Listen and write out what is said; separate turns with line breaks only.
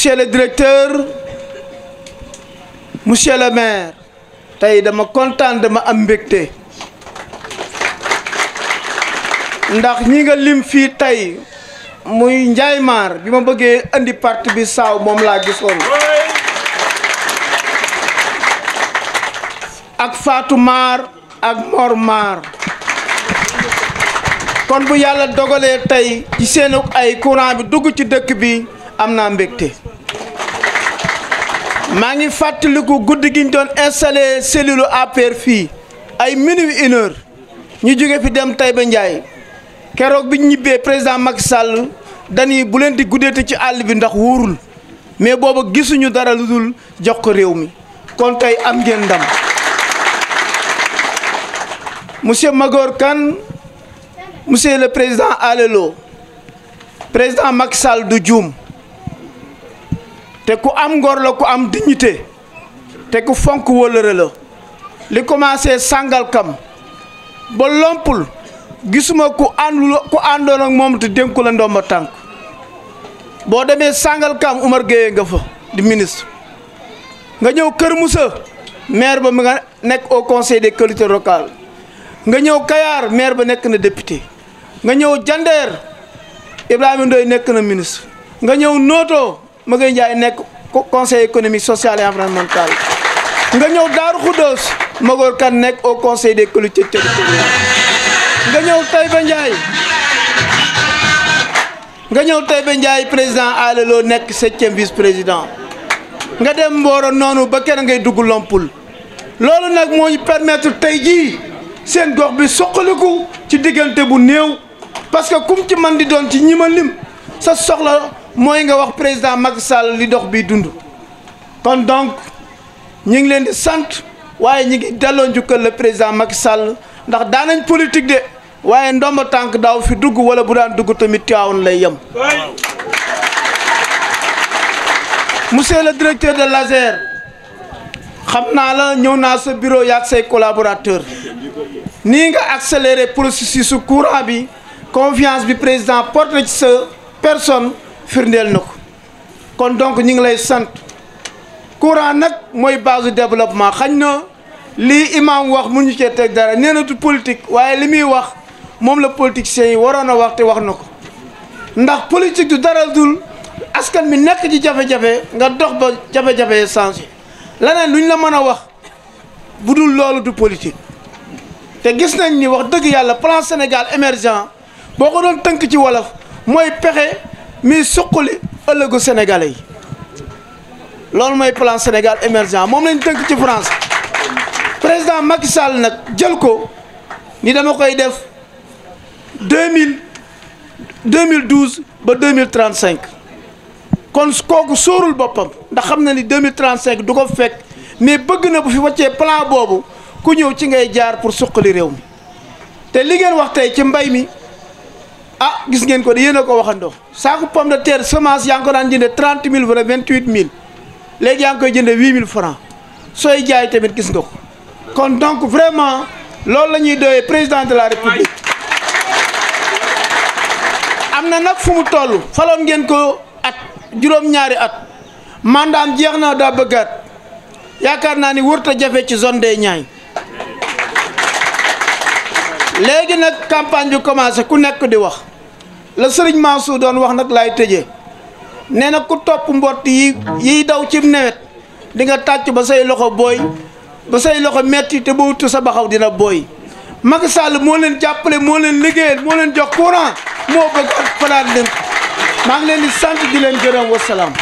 monsieur le directeur monsieur le maire tey dama kontaan dama am mbegte ndax ñi nga lim fii tey muy Ndiaye Mar bi ma bëggee andi parti bi saaw moom laa gisoon ak Fatou Mar ak Mor Mar kon bu yàlla dogalee tey ci seen ay courant bi dugg ci dëkk bi am naa mbegte maa ngi fàttaliku guddi gi ñu doon installé cellule APR fii ay minuit une heure ñu jóge fi dem ba Ndiaye keroog bi ñibbee président Macky Sall dañuy bu leen di guddeete ci àll bi ndax wóorul mais booba gisuñu dara lu dul jox ko réew mi kon tey am ngeen ndam monsieur Magor Kane monsieur le président Alelo président Macky Sall du juum. te ku am ngor la ku am dignité te ku fonk wëllëre la li commencé kam ba Lompul gisuma ku àndul ku àndoon ak moom te dénku la ndomba tànk boo demee Sangalkam Umar Gueye nga fa di ministre nga ñëw Kër Moussa maire ba mu nga nekk au conseil des collectivités locales nga ñëw Kayar maire ba nekk na député nga ñëw Jandeer Ibrahima Ndoye nekk na ministre nga ñëw Noto. Maguette Ndiaye nekk conseil économique social et environnemental nga ñëw Darou Khoudoss Magor Kane nekk au conseil des collectivités territoriales nga ñëw Taïba Ndiaye nga ñëw Taïba Ndiaye président Alelo nekk septième vice président nga dem Mboro noonu ba kenn ngay dugg Lompul loolu nag moo ñu permettre tey jii seen gox bi soqaliku ci diggante bu néew parce que kum ci man di doon ci ñi ma lim sa soxla. mooy nga wax président Macky Sall li dox bi dund kon donc ñu ngi leen di sant waaye ñu ngi delloo njukkal le président Macky Sall ndax daanañ politique de waaye ndomba tànk daaw fi dugg wala bu daan dugg tamit Tivaouane lay yem monsieur le directeur de l'ASER xam naa la ñëw naa sa bureau yaag say collaborateur nii nga accéléré processus su courant bi confiance bi président porte ci sa personne firndeel na ko kon donc ñu ngi lay sant courant nag mooy base du développement xañ na li imaam wax mu ñu cee teg dara nee na du politique waaye li muy wax moom la politiciens yi waroon a wax te wax na ko ndax politique du dara dul askan bi nekk ci jafe-jafe nga dox ba jafe-jafe sangé changé leneen lu ñu la mën a wax bu dul loolu du politique te gis nañ ni wax dëgg yàlla plan Sénégal émergent boo ko doon tënk ci wolof mooy pexe. mais suqali ëllëgu sénégalais yi loolu mooy plan Sénégal émergent moom lañ tënk ci France président Macky Sall nag jël ko ni dama koy def deux mille deux mille douze ba deux mille trente cinq kon kooku sóorul boppam ndax xam na ni deux mille du ko fekk mais bëgg na bu fi wàccee plan boobu ku ñëw ci ngay jaar pour suqali réew mi te li ngeen wax tey ci mbay mi. gis ngeen ko de yéen a ko waxandoo saaku pomme de terre semence yaa ngi ko daan jëndee trente mille wala vingt huit mille léegi yaa ngi koy jëndee huit mille franc sooy jaay tamit gis nga ko kon donc vraiment loolu la ñuy doyee président de la république am na nag fu mu toll faloon ngeen ko ak juróom-ñaari at mandaam jeex na daa bëggaat yaakaar naa ni wërta jafe ci zone des ñaay léegi nag campagne bi commencé ku nekk di wax la sëriñ Mansour doon wax nag laay tëje nee na ku topp mbott yi yiy daw ci nawet di nga tàcc ba say loxo booy ba say loxo metti te ba wuttu sa baxaw dina booy Macky Sall moo leen jàppale moo leen liggéeyal moo leen jox courant moo bëgg ak fanaan leen maa ngi leen di sant di leen gërëm wasalaam.